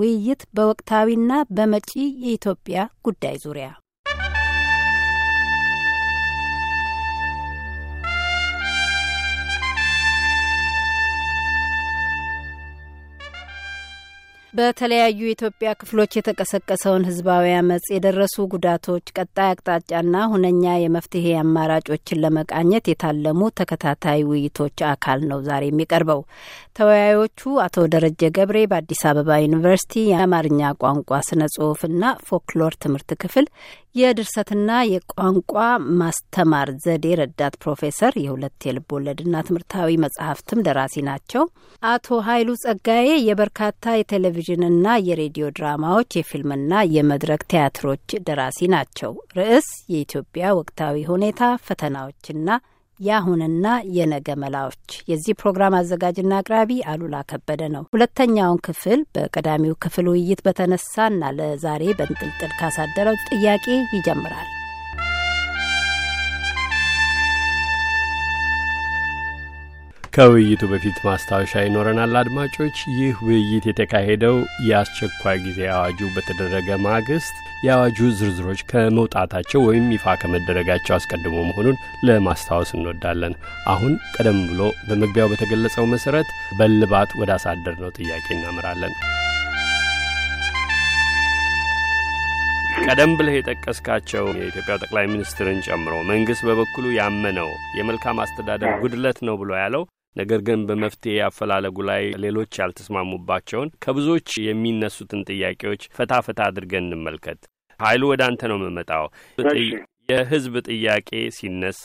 ውይይት በወቅታዊና በመጪ የኢትዮጵያ ጉዳይ ዙሪያ በተለያዩ የኢትዮጵያ ክፍሎች የተቀሰቀሰውን ህዝባዊ አመፅ፣ የደረሱ ጉዳቶች፣ ቀጣይ አቅጣጫና ሁነኛ የመፍትሄ አማራጮችን ለመቃኘት የታለሙ ተከታታይ ውይይቶች አካል ነው ዛሬ የሚቀርበው። ተወያዮቹ አቶ ደረጀ ገብሬ በአዲስ አበባ ዩኒቨርሲቲ የአማርኛ ቋንቋ ስነ ጽሁፍና ፎክሎር ትምህርት ክፍል የድርሰትና የቋንቋ ማስተማር ዘዴ ረዳት ፕሮፌሰር፣ የሁለት የልብ ወለድና ትምህርታዊ መጽሐፍትም ደራሲ ናቸው። አቶ ሀይሉ ጸጋዬ የበርካታ የቴሌቪ የቴሌቪዥንና የሬዲዮ ድራማዎች፣ የፊልምና የመድረክ ቲያትሮች ደራሲ ናቸው። ርዕስ የኢትዮጵያ ወቅታዊ ሁኔታ ፈተናዎችና የአሁንና የነገ መላዎች። የዚህ ፕሮግራም አዘጋጅና አቅራቢ አሉላ ከበደ ነው። ሁለተኛውን ክፍል በቀዳሚው ክፍል ውይይት በተነሳና ለዛሬ በንጥልጥል ካሳደረው ጥያቄ ይጀምራል። ከውይይቱ በፊት ማስታወሻ ይኖረናል። አድማጮች፣ ይህ ውይይት የተካሄደው የአስቸኳይ ጊዜ አዋጁ በተደረገ ማግስት የአዋጁ ዝርዝሮች ከመውጣታቸው ወይም ይፋ ከመደረጋቸው አስቀድሞ መሆኑን ለማስታወስ እንወዳለን። አሁን ቀደም ብሎ በመግቢያው በተገለጸው መሠረት በልባት ወደ አሳደር ነው ጥያቄ እናምራለን። ቀደም ብለህ የጠቀስካቸው የኢትዮጵያው ጠቅላይ ሚኒስትርን ጨምሮ መንግስት በበኩሉ ያመነው የመልካም አስተዳደር ጉድለት ነው ብሎ ያለው ነገር ግን በመፍትሄ አፈላለጉ ላይ ሌሎች ያልተስማሙባቸውን ከብዙዎች የሚነሱትን ጥያቄዎች ፈታ ፈታ አድርገን እንመልከት። ኃይሉ ወደ አንተ ነው የምመጣው። የህዝብ ጥያቄ ሲነሳ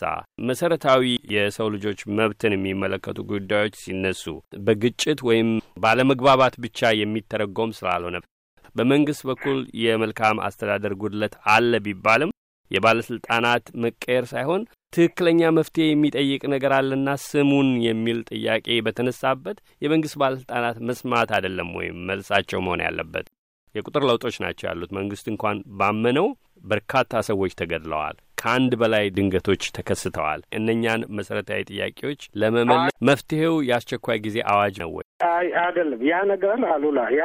መሰረታዊ የሰው ልጆች መብትን የሚመለከቱ ጉዳዮች ሲነሱ በግጭት ወይም ባለመግባባት ብቻ የሚተረጎም ስላልሆነ በመንግስት በኩል የመልካም አስተዳደር ጉድለት አለ ቢባልም የባለስልጣናት መቀየር ሳይሆን ትክክለኛ መፍትሄ የሚጠይቅ ነገር አለና ስሙን የሚል ጥያቄ በተነሳበት የመንግስት ባለስልጣናት መስማት አይደለም ወይም መልሳቸው መሆን ያለበት። የቁጥር ለውጦች ናቸው ያሉት። መንግስት እንኳን ባመነው በርካታ ሰዎች ተገድለዋል፣ ከአንድ በላይ ድንገቶች ተከስተዋል። እነኛን መሰረታዊ ጥያቄዎች ለመመለስ መፍትሄው የአስቸኳይ ጊዜ አዋጅ ነው አይ አይደለም። ያ ነገር አሉላ ያ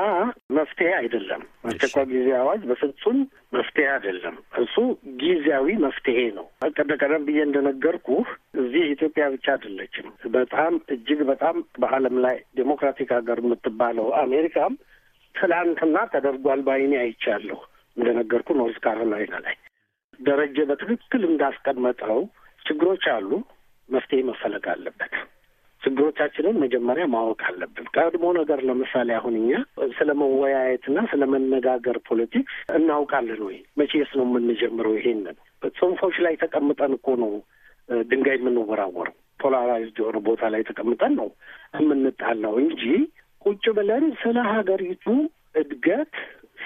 መፍትሄ አይደለም። አስቸኳይ ጊዜ አዋጅ በፍጹም መፍትሄ አይደለም። እሱ ጊዜያዊ መፍትሄ ነው። ቀደ ቀደም ብዬ እንደነገርኩ እዚህ ኢትዮጵያ ብቻ አይደለችም። በጣም እጅግ በጣም በዓለም ላይ ዴሞክራቲክ ሀገር የምትባለው አሜሪካም ትላንትና ተደርጓል። ባይኔ አይቻለሁ። እንደነገርኩ ኖርዝ ካሮላይና ላይ ደረጀ በትክክል እንዳስቀመጠው ችግሮች አሉ። መፍትሄ መፈለግ አለበት። ችግሮቻችንን መጀመሪያ ማወቅ አለብን። ቀድሞ ነገር ለምሳሌ አሁን እኛ ስለ መወያየትና ስለ መነጋገር ፖለቲክስ እናውቃለን ወይ? መቼስ ነው የምንጀምረው? ይሄንን ጽንፎች ላይ ተቀምጠን እኮ ነው ድንጋይ የምንወራወረው። ፖላራይዝድ የሆነ ቦታ ላይ ተቀምጠን ነው የምንጣላው እንጂ ቁጭ ብለን ስለ ሀገሪቱ እድገት፣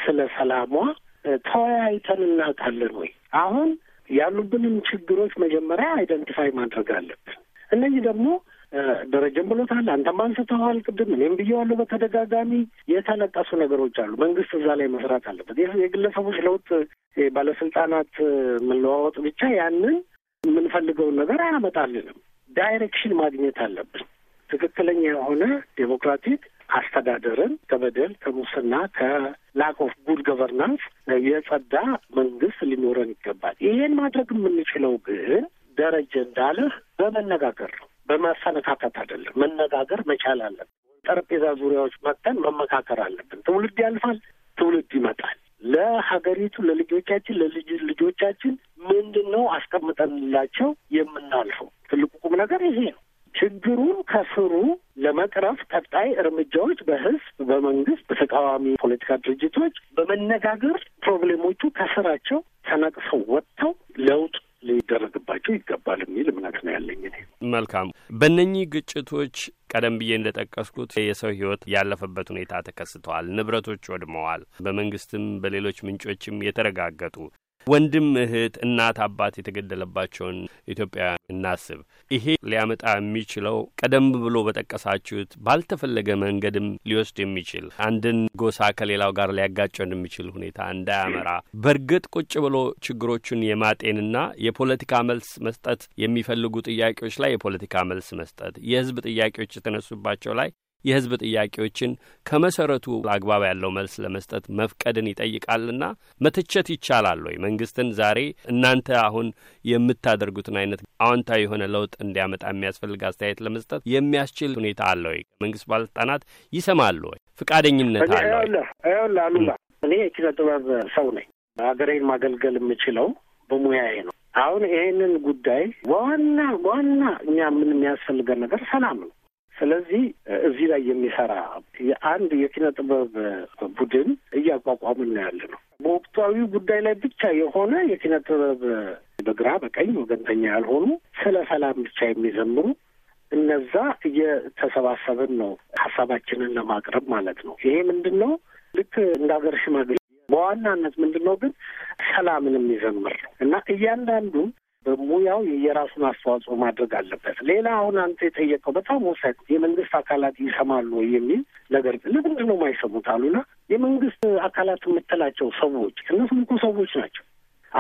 ስለ ሰላሟ ተወያይተን እናውቃለን ወይ? አሁን ያሉብንን ችግሮች መጀመሪያ አይደንቲፋይ ማድረግ አለብን። እነዚህ ደግሞ ደረጀም ብሎታል፣ አንተም አንስተዋል ቅድም፣ እኔም ብየዋለሁ በተደጋጋሚ የተለቀሱ ነገሮች አሉ። መንግስት እዛ ላይ መስራት አለበት። የግለሰቦች ለውጥ ባለስልጣናት መለዋወጥ ብቻ ያንን የምንፈልገውን ነገር አያመጣልንም። ዳይሬክሽን ማግኘት አለብን። ትክክለኛ የሆነ ዴሞክራቲክ አስተዳደርን ከበደል ከሙስና ከላክ ኦፍ ጉድ ገቨርናንስ የጸዳ መንግስት ሊኖረን ይገባል። ይሄን ማድረግ የምንችለው ግን ደረጀ እንዳለህ በመነጋገር ነው። በማሰነካከት አይደለም። መነጋገር መቻል አለብን። ጠረጴዛ ዙሪያዎች መጥተን መመካከር አለብን። ትውልድ ያልፋል፣ ትውልድ ይመጣል። ለሀገሪቱ፣ ለልጆቻችን፣ ለልጅ ልጆቻችን ምንድን ነው አስቀምጠንላቸው የምናልፈው? ትልቁ ቁም ነገር ይሄ ነው። ችግሩን ከስሩ ለመቅረፍ ቀጣይ እርምጃዎች በህዝብ፣ በመንግስት፣ በተቃዋሚ ፖለቲካ ድርጅቶች በመነጋገር ፕሮብሌሞቹ ከስራቸው ተነቅሰው ወጥተው ለውጡ ሊደረግባቸው ይገባል የሚል እምነት ነው ያለኝ እኔ። መልካም። በእነኚህ ግጭቶች ቀደም ብዬ እንደጠቀስኩት የሰው ህይወት ያለፈበት ሁኔታ ተከስተዋል። ንብረቶች ወድመዋል። በመንግስትም በሌሎች ምንጮችም የተረጋገጡ ወንድም፣ እህት፣ እናት፣ አባት የተገደለባቸውን ኢትዮጵያውያን እናስብ። ይሄ ሊያመጣ የሚችለው ቀደም ብሎ በጠቀሳችሁት ባልተፈለገ መንገድም ሊወስድ የሚችል አንድን ጎሳ ከሌላው ጋር ሊያጋጨው እንደሚችል ሁኔታ እንዳያመራ በእርግጥ ቁጭ ብሎ ችግሮቹን የማጤንና የፖለቲካ መልስ መስጠት የሚፈልጉ ጥያቄዎች ላይ የፖለቲካ መልስ መስጠት፣ የህዝብ ጥያቄዎች የተነሱባቸው ላይ የህዝብ ጥያቄዎችን ከመሰረቱ አግባብ ያለው መልስ ለመስጠት መፍቀድን ይጠይቃልና መተቸት ይቻላል ወይ? መንግስትን ዛሬ እናንተ አሁን የምታደርጉትን አይነት አዎንታዊ የሆነ ለውጥ እንዲያመጣ የሚያስፈልግ አስተያየት ለመስጠት የሚያስችል ሁኔታ አለ ወይ? መንግስት ባለስልጣናት ይሰማሉ ወይ? ፍቃደኝነት አለ ወይ? እኔ የኪነ ጥበብ ሰው ነኝ። ሀገሬን ማገልገል የምችለው በሙያዬ ነው። አሁን ይሄንን ጉዳይ በዋና በዋና እኛ ምን የሚያስፈልገን ነገር ሰላም ነው። ስለዚህ እዚህ ላይ የሚሰራ አንድ የኪነ ጥበብ ቡድን እያቋቋምን ነው ያለ ነው። በወቅታዊ ጉዳይ ላይ ብቻ የሆነ የኪነ ጥበብ በግራ በቀኝ ወገንተኛ ያልሆኑ ስለ ሰላም ብቻ የሚዘምሩ እነዛ እየተሰባሰብን ነው ሀሳባችንን ለማቅረብ ማለት ነው። ይሄ ምንድን ነው? ልክ እንደ ሀገር ሽማግሌ በዋናነት ምንድን ነው ግን ሰላምን የሚዘምር ነው እና እያንዳንዱ በሙያው የራሱን አስተዋጽኦ ማድረግ አለበት። ሌላ አሁን አንተ የጠየቀው በጣም ውሰት የመንግስት አካላት ይሰማሉ የሚል ነገር ለምንድን ነው የማይሰሙት? አሉና የመንግስት አካላት የምትላቸው ሰዎች እነሱ እኮ ሰዎች ናቸው።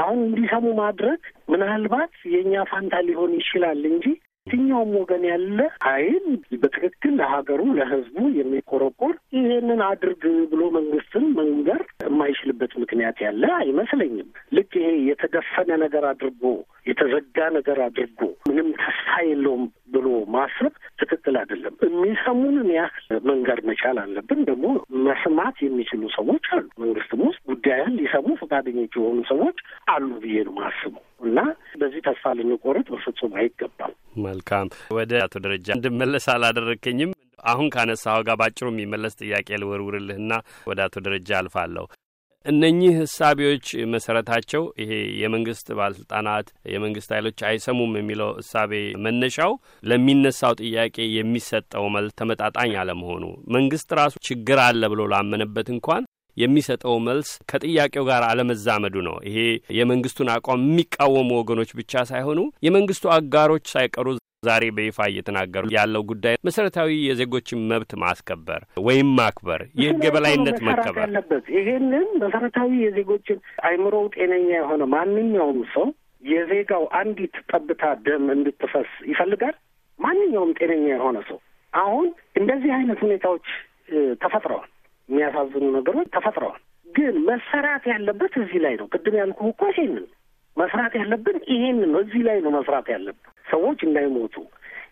አሁን እንዲሰሙ ማድረግ ምናልባት የእኛ ፋንታ ሊሆን ይችላል እንጂ የትኛውም ወገን ያለ ኃይል በትክክል ለሀገሩ ለህዝቡ የሚቆረቆር ይሄንን አድርግ ብሎ መንግስትን መንገር የማይችልበት ምክንያት ያለ አይመስለኝም። ልክ ይሄ የተደፈነ ነገር አድርጎ የተዘጋ ነገር አድርጎ ምንም ተስፋ የለውም ብሎ ማሰብ ትክክል አይደለም። የሚሰሙንን ያህል መንገር መቻል አለብን። ደግሞ መስማት የሚችሉ ሰዎች አሉ። መንግስትም ውስጥ ጉዳይን ሊሰሙ ፈቃደኞች የሆኑ ሰዎች አሉ ብዬ ነው የማስበው። እና በዚህ ተስፋ ልንቆርጥ በፍጹም አይገባም። መልካም ወደ አቶ ደረጃ እንድመለስ አላደረገኝም። አሁን ካነሳኸው ጋር ባጭሩ የሚመለስ ጥያቄ ልወርውርልህና ወደ አቶ ደረጃ አልፋለሁ። እነኚህ እሳቤዎች መሰረታቸው ይሄ የመንግስት ባለስልጣናት የመንግስት ኃይሎች አይሰሙም የሚለው እሳቤ መነሻው ለሚነሳው ጥያቄ የሚሰጠው መልስ ተመጣጣኝ አለመሆኑ መንግስት ራሱ ችግር አለ ብሎ ላመነበት እንኳን የሚሰጠው መልስ ከጥያቄው ጋር አለመዛመዱ ነው። ይሄ የመንግስቱን አቋም የሚቃወሙ ወገኖች ብቻ ሳይሆኑ የመንግስቱ አጋሮች ሳይቀሩ ዛሬ በይፋ እየተናገሩ ያለው ጉዳይ መሰረታዊ የዜጎችን መብት ማስከበር ወይም ማክበር፣ የህግ የበላይነት መከበር አለበት። ይህንን መሰረታዊ የዜጎችን አይምሮው ጤነኛ የሆነ ማንኛውም ሰው የዜጋው አንዲት ጠብታ ደም እንድትፈስ ይፈልጋል። ማንኛውም ጤነኛ የሆነ ሰው አሁን እንደዚህ አይነት ሁኔታዎች ተፈጥረዋል። የሚያሳዝኑ ነገሮች ተፈጥረዋል። ግን መሰራት ያለበት እዚህ ላይ ነው። ቅድም ያልኩ እኮ ይሄንን መስራት ያለብን ይሄንን ነው። እዚህ ላይ ነው መስራት ያለብን ሰዎች እንዳይሞቱ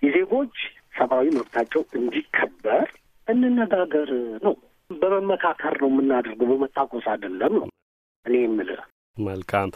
የዜጎች ሰብአዊ መብታቸው እንዲከበር እንነጋገር ነው። በመመካከር ነው የምናደርገው፣ በመታኮስ አይደለም ነው እኔ የምልህ። መልካም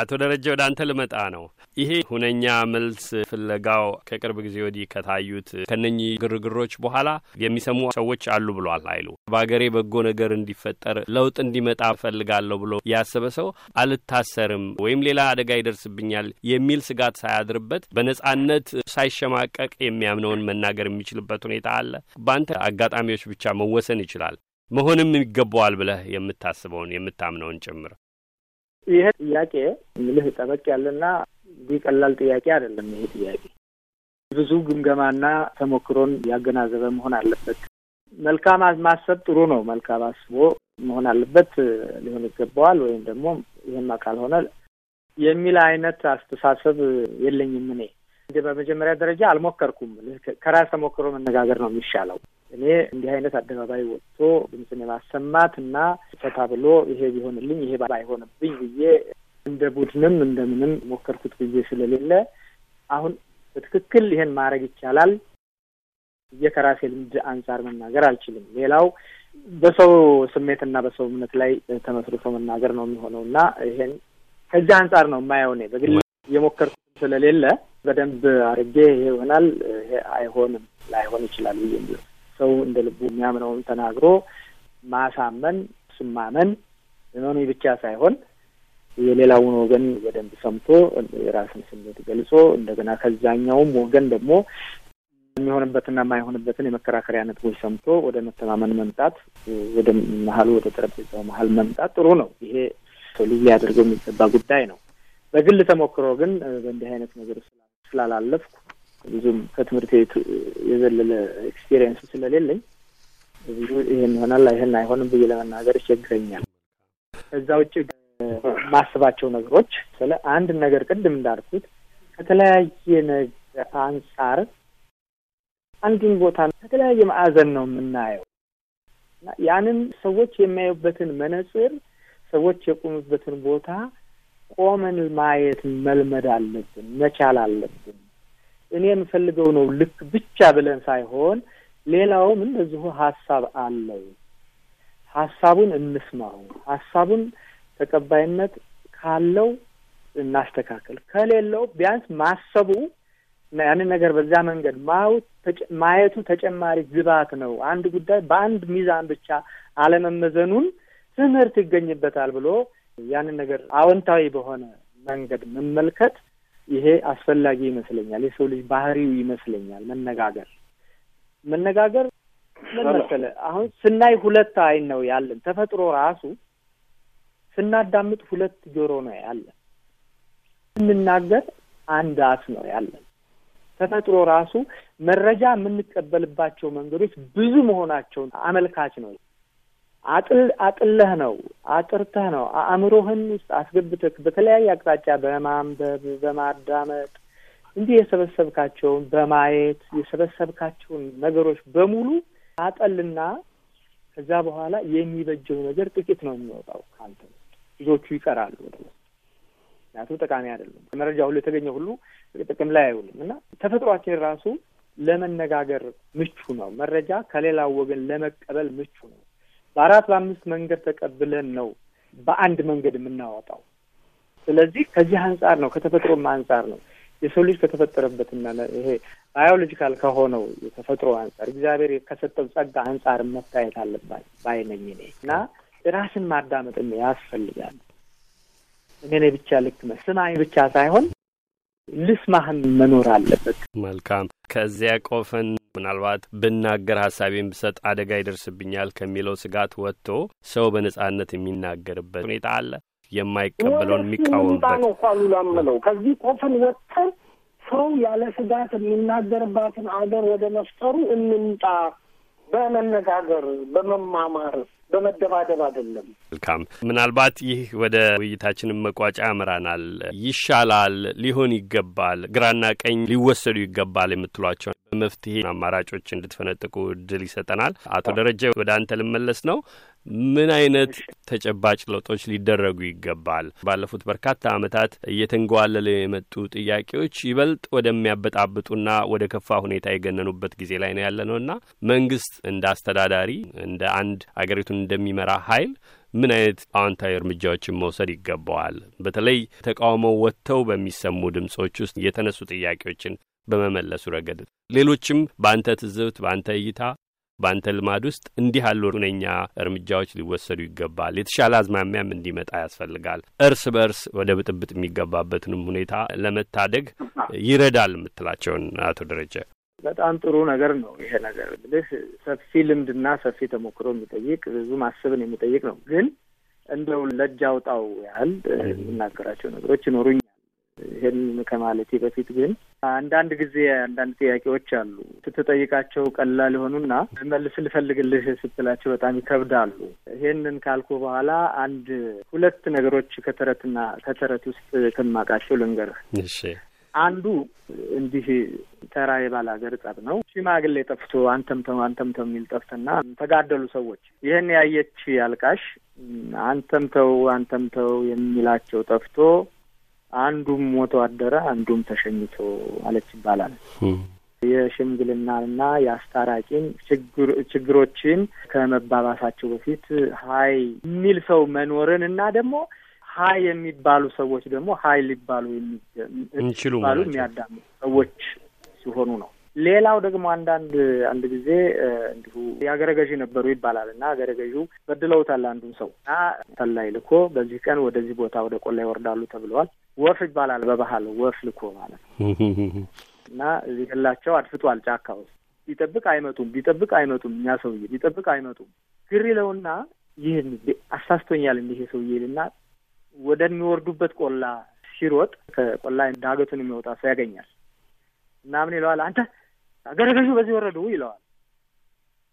አቶ ደረጀ ወደ አንተ ልመጣ ነው። ይሄ ሁነኛ መልስ ፍለጋው ከቅርብ ጊዜ ወዲህ ከታዩት ከነኚህ ግርግሮች በኋላ የሚሰሙ ሰዎች አሉ ብሏል ኃይሉ። በሀገሬ በጎ ነገር እንዲፈጠር ለውጥ እንዲመጣ እፈልጋለሁ ብሎ ያሰበ ሰው አልታሰርም ወይም ሌላ አደጋ ይደርስብኛል የሚል ስጋት ሳያድርበት በነጻነት ሳይሸማቀቅ የሚያምነውን መናገር የሚችልበት ሁኔታ አለ። በአንተ አጋጣሚዎች ብቻ መወሰን ይችላል መሆንም ይገባዋል ብለህ የምታስበውን የምታምነውን ጭምር ይሄ ጥያቄ ምልህ ጠበቅ ያለና እንዲህ ቀላል ጥያቄ አይደለም። ይሄ ጥያቄ ብዙ ግምገማና ተሞክሮን ያገናዘበ መሆን አለበት። መልካም ማሰብ ጥሩ ነው። መልካም አስቦ መሆን አለበት ሊሆን ይገባዋል። ወይም ደግሞ ይህማ ካልሆነ የሚል አይነት አስተሳሰብ የለኝም እኔ። በመጀመሪያ ደረጃ አልሞከርኩም። ከራስ ተሞክሮ መነጋገር ነው የሚሻለው። እኔ እንዲህ አይነት አደባባይ ወጥቶ ድምፅን የማሰማት እና ፈታ ብሎ ይሄ ቢሆንልኝ ይሄ ባይሆንብኝ ብዬ እንደ ቡድንም እንደምንም ሞከርኩት ብዬ ስለሌለ አሁን በትክክል ይሄን ማድረግ ይቻላል ብዬ ከራሴ ልምድ አንጻር መናገር አልችልም። ሌላው በሰው ስሜትና በሰው እምነት ላይ ተመስርቶ መናገር ነው የሚሆነው እና ይሄን ከዚህ አንጻር ነው የማየው። እኔ በግል የሞከርኩት ስለሌለ በደንብ አድርጌ ይሄ ይሆናል፣ ይሄ አይሆንም፣ ላይሆን ይችላል ብዬ ሰው እንደ ልቡ የሚያምነውን ተናግሮ ማሳመን ስማመን መኖኒ ብቻ ሳይሆን የሌላውን ወገን በደንብ ሰምቶ የራስን ስሜት ገልጾ እንደገና ከዛኛውም ወገን ደግሞ የሚሆንበትና የማይሆንበትን የመከራከሪያ ነጥቦች ሰምቶ ወደ መተማመን መምጣት ወደ መሀሉ ወደ ጠረጴዛው መሀል መምጣት ጥሩ ነው። ይሄ ሰው ልዩ ሊያደርገው የሚገባ ጉዳይ ነው። በግል ተሞክሮ ግን በእንዲህ አይነት ነገር ስላላለፍኩ ብዙም ከትምህርት ቤቱ የዘለለ ኤክስፔሪየንስ ስለሌለኝ ይህን ይሆናል ይህን አይሆንም ብዬ ለመናገር ይቸግረኛል። ከዛ ውጭ ማስባቸው ነገሮች ስለ አንድ ነገር ቅድም እንዳልኩት ከተለያየ ነገር አንጻር አንድን ቦታ ከተለያየ ማዕዘን ነው የምናየው እና ያንን ሰዎች የሚያዩበትን መነጽር ሰዎች የቆሙበትን ቦታ ቆመን ማየት መልመድ አለብን፣ መቻል አለብን። እኔ የምፈልገው ነው ልክ ብቻ ብለን ሳይሆን ሌላውም እንደዚሁ ሀሳብ አለው። ሀሳቡን እንስማው። ሀሳቡን ተቀባይነት ካለው እናስተካከል፣ ከሌለው ቢያንስ ማሰቡ ያንን ነገር በዛ መንገድ ማየቱ ተጨማሪ ግብዓት ነው። አንድ ጉዳይ በአንድ ሚዛን ብቻ አለመመዘኑን ትምህርት ይገኝበታል ብሎ ያንን ነገር አዎንታዊ በሆነ መንገድ መመልከት ይሄ አስፈላጊ ይመስለኛል። የሰው ልጅ ባህሪው ይመስለኛል መነጋገር መነጋገር ምን መሰለህ፣ አሁን ስናይ ሁለት አይን ነው ያለን። ተፈጥሮ ራሱ ስናዳምጥ ሁለት ጆሮ ነው ያለን፣ ስንናገር አንድ አፍ ነው ያለን። ተፈጥሮ ራሱ መረጃ የምንቀበልባቸው መንገዶች ብዙ መሆናቸውን አመልካች ነው። አጥለህ ነው አጥርተህ ነው አእምሮህን ውስጥ አስገብተህ በተለያየ አቅጣጫ በማንበብ በማዳመጥ እንዲህ የሰበሰብካቸውን በማየት የሰበሰብካቸውን ነገሮች በሙሉ አጠልና ከዛ በኋላ የሚበጀው ነገር ጥቂት ነው የሚወጣው ከአንተ ብዙዎቹ ይቀራሉ። ምክንያቱም ጠቃሚ አይደለም። መረጃ ሁሉ የተገኘ ሁሉ ጥቅም ላይ አይውልም እና ተፈጥሯችን ራሱ ለመነጋገር ምቹ ነው። መረጃ ከሌላው ወገን ለመቀበል ምቹ ነው። በአራት በአምስት መንገድ ተቀብለን ነው በአንድ መንገድ የምናወጣው። ስለዚህ ከዚህ አንጻር ነው ከተፈጥሮም አንጻር ነው የሰው ልጅ ከተፈጠረበትና ይሄ ባዮሎጂካል ከሆነው የተፈጥሮ አንጻር እግዚአብሔር ከሰጠው ጸጋ አንጻር መታየት አለባት ባይነኝ እኔ እና ራስን ማዳመጥ ያስፈልጋል። እኔ ብቻ ልክ ስማኝ ብቻ ሳይሆን ልስማህን መኖር አለበት። መልካም ከዚያ ቆፈን ምናልባት ብናገር ሀሳቤን ብሰጥ አደጋ ይደርስብኛል ከሚለው ስጋት ወጥቶ ሰው በነጻነት የሚናገርበት ሁኔታ አለ። የማይቀበለውን የሚቃወምበት ነው እኮ አሉላ እምለው ከዚህ ቆፍን ወጥተን ሰው ያለ ስጋት የሚናገርባትን አገር ወደ መፍጠሩ እንምጣ። በመነጋገር በመማማር በመደባደብ አይደለም። መልካም። ምናልባት ይህ ወደ ውይይታችንም መቋጫ ያመራናል። ይሻላል፣ ሊሆን ይገባል፣ ግራና ቀኝ ሊወሰዱ ይገባል የምትሏቸው መፍትሄ አማራጮች እንድትፈነጥቁ እድል ይሰጠናል። አቶ ደረጀ ወደ አንተ ልመለስ ነው። ምን አይነት ተጨባጭ ለውጦች ሊደረጉ ይገባል? ባለፉት በርካታ ዓመታት እየተንጓለለ የመጡ ጥያቄዎች ይበልጥ ወደሚያበጣብጡና ወደ ከፋ ሁኔታ የገነኑበት ጊዜ ላይ ነው ያለ ነውና መንግስት እንደ አስተዳዳሪ እንደ አንድ አገሪቱን እንደሚመራ ኃይል ምን አይነት አዎንታዊ እርምጃዎችን መውሰድ ይገባዋል? በተለይ ተቃውሞ ወጥተው በሚሰሙ ድምጾች ውስጥ የተነሱ ጥያቄዎችን በመመለሱ ረገድ ሌሎችም በአንተ ትዝብት በአንተ እይታ በአንተ ልማድ ውስጥ እንዲህ ያሉ ሁነኛ እርምጃዎች ሊወሰዱ ይገባል፣ የተሻለ አዝማሚያም እንዲመጣ ያስፈልጋል፣ እርስ በእርስ ወደ ብጥብጥ የሚገባበትንም ሁኔታ ለመታደግ ይረዳል የምትላቸውን አቶ ደረጀ በጣም ጥሩ ነገር ነው። ይሄ ነገር እንግዲህ ሰፊ ልምድና ሰፊ ተሞክሮ የሚጠይቅ ብዙ ማሰብን የሚጠይቅ ነው። ግን እንደው ለእጅ አውጣው ያህል የምናገራቸው ነገሮች ይኖሩኝ ይህን ከማለቴ በፊት ግን አንዳንድ ጊዜ አንዳንድ ጥያቄዎች አሉ ስትጠይቃቸው ቀላል የሆኑና መልስ ልፈልግልህ ስትላቸው በጣም ይከብዳሉ። ይህንን ካልኩ በኋላ አንድ ሁለት ነገሮች ከተረትና ከተረት ውስጥ ከማውቃቸው ልንገርህ። እሺ። አንዱ እንዲህ ተራ የባል ሀገር ጠብ ነው። ሽማግሌ ጠፍቶ አንተምተው አንተምተው የሚል ጠፍትና ተጋደሉ ሰዎች። ይህን ያየች አልቃሽ አንተምተው አንተምተው የሚላቸው ጠፍቶ አንዱም ሞቶ አደረ፣ አንዱም ተሸኝቶ አለች ይባላል። የሽምግልናና የአስታራቂን ችግሮችን ከመባባሳቸው በፊት ሀይ የሚል ሰው መኖርን እና ደግሞ ሀይ የሚባሉ ሰዎች ደግሞ ሀይ ሊባሉ የሚባሉ የሚያዳሙ ሰዎች ሲሆኑ ነው። ሌላው ደግሞ አንዳንድ አንድ ጊዜ እንዲሁ የአገረ ገዢ ነበሩ ይባላል እና አገረ ገዢው በድለውታል አንዱን ሰው እና ተላይ ልኮ በዚህ ቀን ወደዚህ ቦታ ወደ ቆላ ይወርዳሉ ተብለዋል። ወፍ ይባላል በባህል ወፍ ልኮ ማለት ነው እና እዚህ ገላቸው አድፍጧል ጫካ ውስጥ ቢጠብቅ አይመጡም፣ ቢጠብቅ አይመጡም፣ እኛ ሰውዬ ቢጠብቅ አይመጡም። ግር ይለውና ይህን አሳስቶኛል እንዲህ ሰውዬ ልና ወደሚወርዱበት ቆላ ሲሮጥ ከቆላ ዳገቱን የሚወጣ ሰው ያገኛል እና ምን ይለዋል አንተ አገረ ገዡ በዚህ ወረዱ ይለዋል።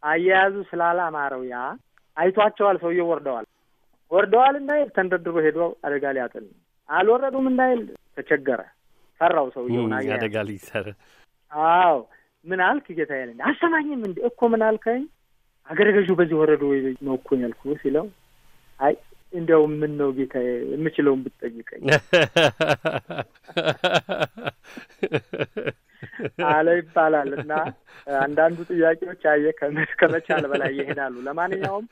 አያያዙ ስላላማረው ያ አይቷቸዋል። ሰውየው ወርደዋል ወርደዋል እንዳይል ተንደርድሮ ሄዶ አደጋ ሊያጥን አልወረዱም እንዳይል ተቸገረ። ፈራው ሰውየውን አደጋ ሊሰር። አዎ ምን አልክ ጌታ ያለ አሰማኝም እንዲ እኮ ምን አልከኝ? አገረ ገዡ በዚህ ወረዱ ነው እኮ ያልኩ ሲለው አይ እንዲያው ምን ነው ጌታ የምችለውን ብትጠይቀኝ አለ ይባላል እና አንዳንዱ ጥያቄዎች አየ ከመቻል በላይ ይሄዳሉ። ለማንኛውም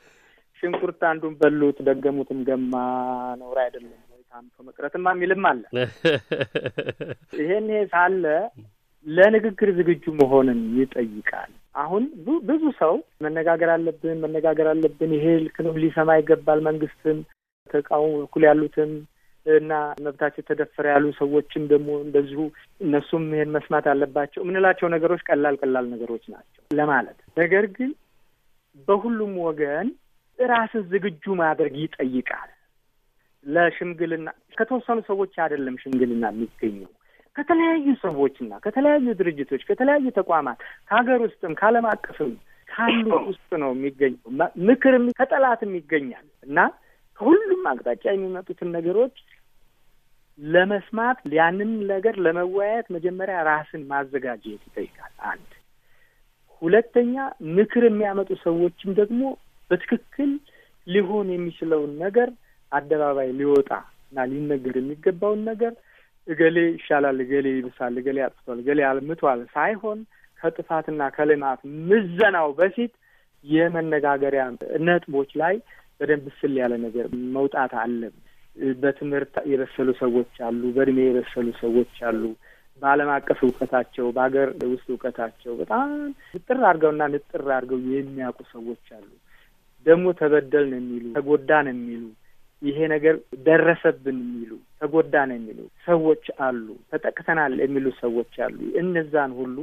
ሽንኩርት አንዱን በሉት ደገሙትም ገማ ነውር አይደለም ወይ ታምቶ መቅረትማ የሚልም አለ። ይሄን ሳለ ለንግግር ዝግጁ መሆንን ይጠይቃል። አሁን ብዙ ሰው መነጋገር አለብን መነጋገር አለብን፣ ይሄ ልክ ነው፣ ሊሰማ ይገባል መንግስትም፣ ተቃውሞ በኩል ያሉትም እና መብታቸው ተደፈረ ያሉ ሰዎችም ደግሞ እንደዚሁ እነሱም ይሄን መስማት አለባቸው የምንላቸው ነገሮች ቀላል ቀላል ነገሮች ናቸው ለማለት ነገር ግን በሁሉም ወገን ራስን ዝግጁ ማድረግ ይጠይቃል። ለሽምግልና ከተወሰኑ ሰዎች አይደለም ሽምግልና የሚገኘው ከተለያዩ ሰዎችና ከተለያዩ ድርጅቶች ከተለያዩ ተቋማት ከሀገር ውስጥም ከዓለም አቀፍም ካሉ ውስጥ ነው የሚገኘው። ምክርም ከጠላትም ይገኛል እና ከሁሉም አቅጣጫ የሚመጡትን ነገሮች ለመስማት ያንን ነገር ለመወያየት መጀመሪያ ራስን ማዘጋጀት ይጠይቃል። አንድ ሁለተኛ፣ ምክር የሚያመጡ ሰዎችም ደግሞ በትክክል ሊሆን የሚችለውን ነገር አደባባይ ሊወጣ እና ሊነገር የሚገባውን ነገር እገሌ ይሻላል፣ እገሌ ይብሳል፣ እገሌ አጥፍቷል፣ እገሌ አልምቷል ሳይሆን ከጥፋትና ከልማት ምዘናው በፊት የመነጋገሪያ ነጥቦች ላይ በደንብ ስል ያለ ነገር መውጣት አለም። በትምህርት የበሰሉ ሰዎች አሉ። በእድሜ የበሰሉ ሰዎች አሉ። በዓለም አቀፍ እውቀታቸው፣ በሀገር ውስጥ እውቀታቸው በጣም ንጥር አድርገውና ንጥር አድርገው የሚያውቁ ሰዎች አሉ። ደግሞ ተበደልን የሚሉ ተጎዳን የሚሉ ይሄ ነገር ደረሰብን የሚሉ ተጎዳን የሚሉ ሰዎች አሉ፣ ተጠቅተናል የሚሉ ሰዎች አሉ። እነዛን ሁሉ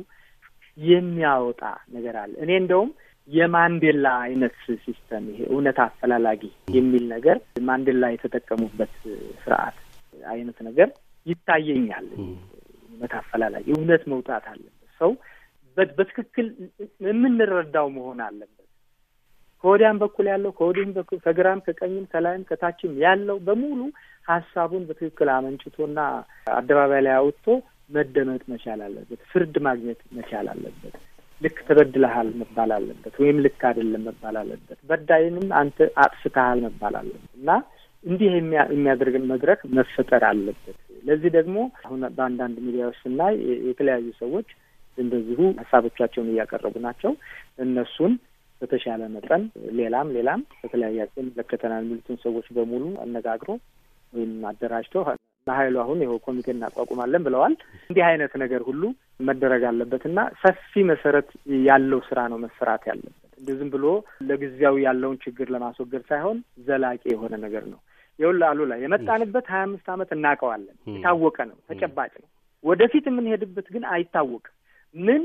የሚያወጣ ነገር አለ። እኔ እንደውም የማንዴላ አይነት ሲስተም ይሄ እውነት አፈላላጊ የሚል ነገር ማንዴላ የተጠቀሙበት ስርዓት አይነት ነገር ይታየኛል። እውነት አፈላላጊ እውነት መውጣት አለበት። ሰው በትክክል የምንረዳው መሆን አለበት። ከወዲያም በኩል ያለው ከወዲህም በኩል ከግራም ከቀኝም ከላይም ከታችም ያለው በሙሉ ሀሳቡን በትክክል አመንጭቶና አደባባይ ላይ አውጥቶ መደመጥ መቻል አለበት። ፍርድ ማግኘት መቻል አለበት። ልክ ተበድለሃል መባል አለበት፣ ወይም ልክ አይደለም መባል አለበት። በዳይንም አንተ አጥፍተሃል መባል አለበት እና እንዲህ የሚያደርግን መድረክ መፈጠር አለበት። ለዚህ ደግሞ አሁን በአንዳንድ ሚዲያዎች ስናይ የተለያዩ ሰዎች እንደዚሁ ሀሳቦቻቸውን እያቀረቡ ናቸው። እነሱን በተሻለ መጠን ሌላም ሌላም በተለያያቸው ይመለከተናል የሚሉትን ሰዎች በሙሉ አነጋግሮ ወይም አደራጅቶ ለሀይሉ አሁን ይኸው ኮሚቴ እናቋቁማለን ብለዋል። እንዲህ አይነት ነገር ሁሉ መደረግ አለበት እና ሰፊ መሰረት ያለው ስራ ነው መሰራት ያለበት። እንደ ዝም ብሎ ለጊዜያዊ ያለውን ችግር ለማስወገድ ሳይሆን ዘላቂ የሆነ ነገር ነው። የውላ አሉ ላይ የመጣንበት ሀያ አምስት ዓመት እናውቀዋለን። የታወቀ ነው፣ ተጨባጭ ነው። ወደፊት የምንሄድበት ግን አይታወቅም። ምን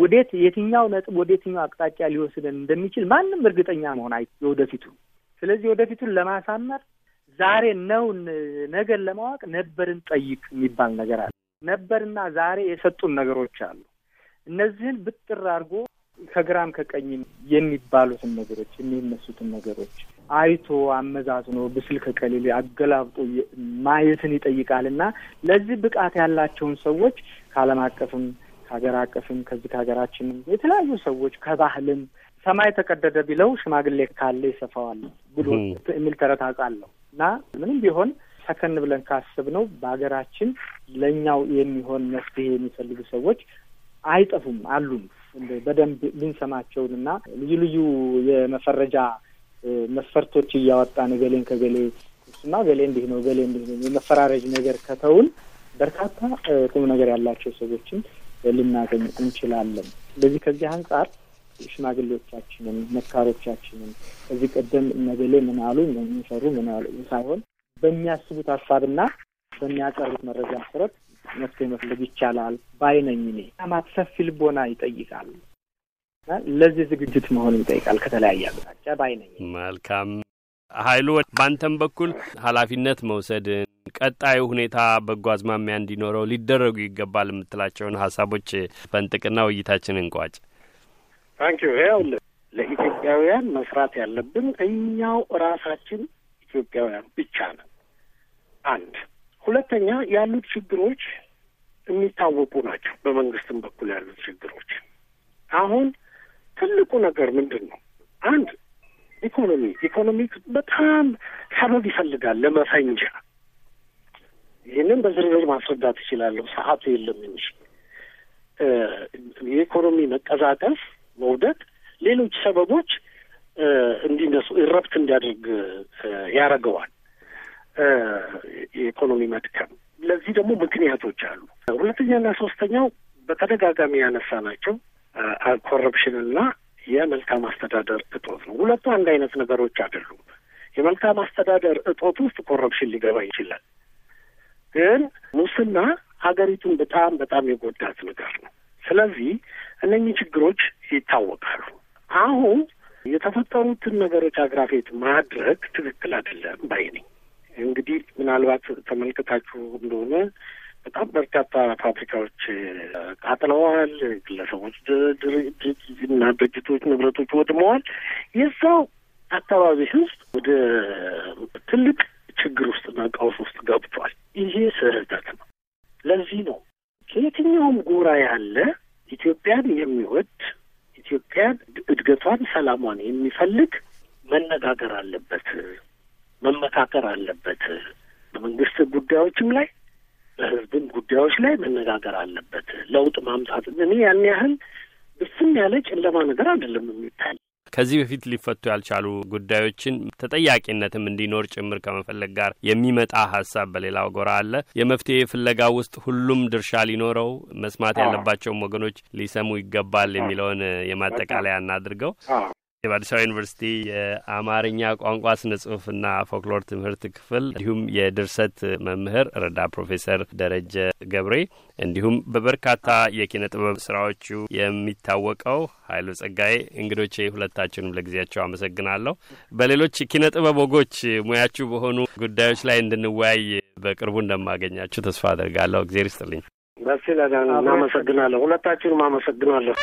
ወዴት የትኛው ነጥብ ወደ የትኛው አቅጣጫ ሊወስደን እንደሚችል ማንም እርግጠኛ መሆን አይ የወደፊቱ ስለዚህ ወደፊቱን ለማሳመር ዛሬ ነውን ነገር ለማወቅ ነበርን ጠይቅ የሚባል ነገር አለ። ነበርና ዛሬ የሰጡን ነገሮች አሉ። እነዚህን ብጥር አድርጎ ከግራም ከቀኝ የሚባሉትን ነገሮች የሚነሱትን ነገሮች አይቶ አመዛዝኖ ብስል ከቀሊል አገላብጦ ማየትን ይጠይቃል እና ለዚህ ብቃት ያላቸውን ሰዎች ከዓለም አቀፍም ከሀገር አቀፍም ከዚህ ከሀገራችንም የተለያዩ ሰዎች ከባህልም ሰማይ ተቀደደ ቢለው ሽማግሌ ካለ ይሰፋዋል ብሎ የሚል ተረት አውቃለሁ እና ምንም ቢሆን ሰከን ብለን ካስብ ነው በሀገራችን ለእኛው የሚሆን መፍትሄ የሚፈልጉ ሰዎች አይጠፉም፣ አሉም በደንብ ልንሰማቸውን እና ልዩ ልዩ የመፈረጃ መስፈርቶች እያወጣን ገሌን ከገሌ እሱማ ገሌ እንዲህ ነው ገሌ እንዲህ ነው የመፈራረጅ ነገር ከተውን በርካታ ቁም ነገር ያላቸው ሰዎችን ልናገኝ እንችላለን። ስለዚህ ከዚህ አንጻር ሽማግሌዎቻችንን፣ መካሮቻችንን ከዚህ ቀደም እነገሌ ምን አሉ የሚሰሩ ምን አሉ ሳይሆን በሚያስቡት ሀሳብና በሚያቀርቡት መረጃ መሰረት መፍትሄ መፍለግ ይቻላል ባይነኝ እኔ ማት ሰፊ ልቦና ይጠይቃል። ለዚህ ዝግጅት መሆን ይጠይቃል ከተለያየ አቅጣጫ ባይነኝ። መልካም ኃይሉ፣ በአንተም በኩል ኃላፊነት መውሰድ ቀጣዩ ሁኔታ በጎ አዝማሚያ እንዲኖረው ሊደረጉ ይገባል የምትላቸውን ሀሳቦች ፈንጥቅና ውይይታችን እንቋጭ። ታንኪዩ። ይኸውልህ ለኢትዮጵያውያን መስራት ያለብን እኛው ራሳችን ኢትዮጵያውያን ብቻ ነን። አንድ ሁለተኛ፣ ያሉት ችግሮች የሚታወቁ ናቸው። በመንግስትም በኩል ያሉት ችግሮች አሁን ትልቁ ነገር ምንድን ነው? አንድ ኢኮኖሚ ኢኮኖሚ በጣም ሰበብ ይፈልጋል ለመፈንጃ ይህንን በዝርዝር ማስረዳት እችላለሁ። ሰዓቱ የለም። ይምሽ የኢኮኖሚ መቀዛቀዝ፣ መውደቅ፣ ሌሎች ሰበቦች እንዲነሱ ረብት እንዲያደርግ ያደርገዋል። የኢኮኖሚ መድከም ለዚህ ደግሞ ምክንያቶች አሉ። ሁለተኛና ሶስተኛው በተደጋጋሚ ያነሳናቸው ኮረፕሽንና የመልካም አስተዳደር እጦት ነው። ሁለቱ አንድ አይነት ነገሮች አይደሉም። የመልካም አስተዳደር እጦት ውስጥ ኮረፕሽን ሊገባ ይችላል። ግን ሙስና ሀገሪቱን በጣም በጣም የጎዳት ነገር ነው። ስለዚህ እነኚህ ችግሮች ይታወቃሉ። አሁን የተፈጠሩትን ነገሮች አግራፌት ማድረግ ትክክል አይደለም ባይ ነኝ። እንግዲህ ምናልባት ተመልከታችሁ እንደሆነ በጣም በርካታ ፋብሪካዎች ቃጥለዋል። ግለሰቦች፣ ድርጅት እና ድርጅቶች ንብረቶች ወድመዋል። የዛው አካባቢ ህዝብ ወደ ትልቅ ችግር ውስጥና ቀውስ ውስጥ ገብቷል። ይሄ ስህተት ነው። ለዚህ ነው ከየትኛውም ጎራ ያለ ኢትዮጵያን የሚወድ ኢትዮጵያን እድገቷን፣ ሰላሟን የሚፈልግ መነጋገር አለበት፣ መመካከር አለበት። በመንግስት ጉዳዮችም ላይ በህዝብም ጉዳዮች ላይ መነጋገር አለበት። ለውጥ ማምጣት እኔ ያን ያህል ብስም ያለ ጨለማ ነገር አይደለም የሚታይ ከዚህ በፊት ሊፈቱ ያልቻሉ ጉዳዮችን ተጠያቂነትም እንዲኖር ጭምር ከመፈለግ ጋር የሚመጣ ሀሳብ በሌላው ጎራ አለ። የመፍትሄ ፍለጋ ውስጥ ሁሉም ድርሻ ሊኖረው መስማት ያለባቸውም ወገኖች ሊሰሙ ይገባል የሚለውን የማጠቃለያ እናድርገው። የአዲስ አበባ ዩኒቨርሲቲ የአማርኛ ቋንቋ ስነ ጽሁፍና ፎክሎር ትምህርት ክፍል እንዲሁም የድርሰት መምህር ረዳ ፕሮፌሰር ደረጀ ገብሬ እንዲሁም በበርካታ የኪነ ጥበብ ስራዎቹ የሚታወቀው ኃይሉ ጸጋዬ እንግዶቼ ሁለታችሁንም ለጊዜያቸው አመሰግናለሁ። በሌሎች ኪነ ጥበብ ወጎች ሙያችሁ በሆኑ ጉዳዮች ላይ እንድንወያይ በቅርቡ እንደማገኛችሁ ተስፋ አድርጋለሁ። እግዜር ይስጥልኝ። በስለዳ እናመሰግናለሁ። ሁለታችሁንም አመሰግናለሁ።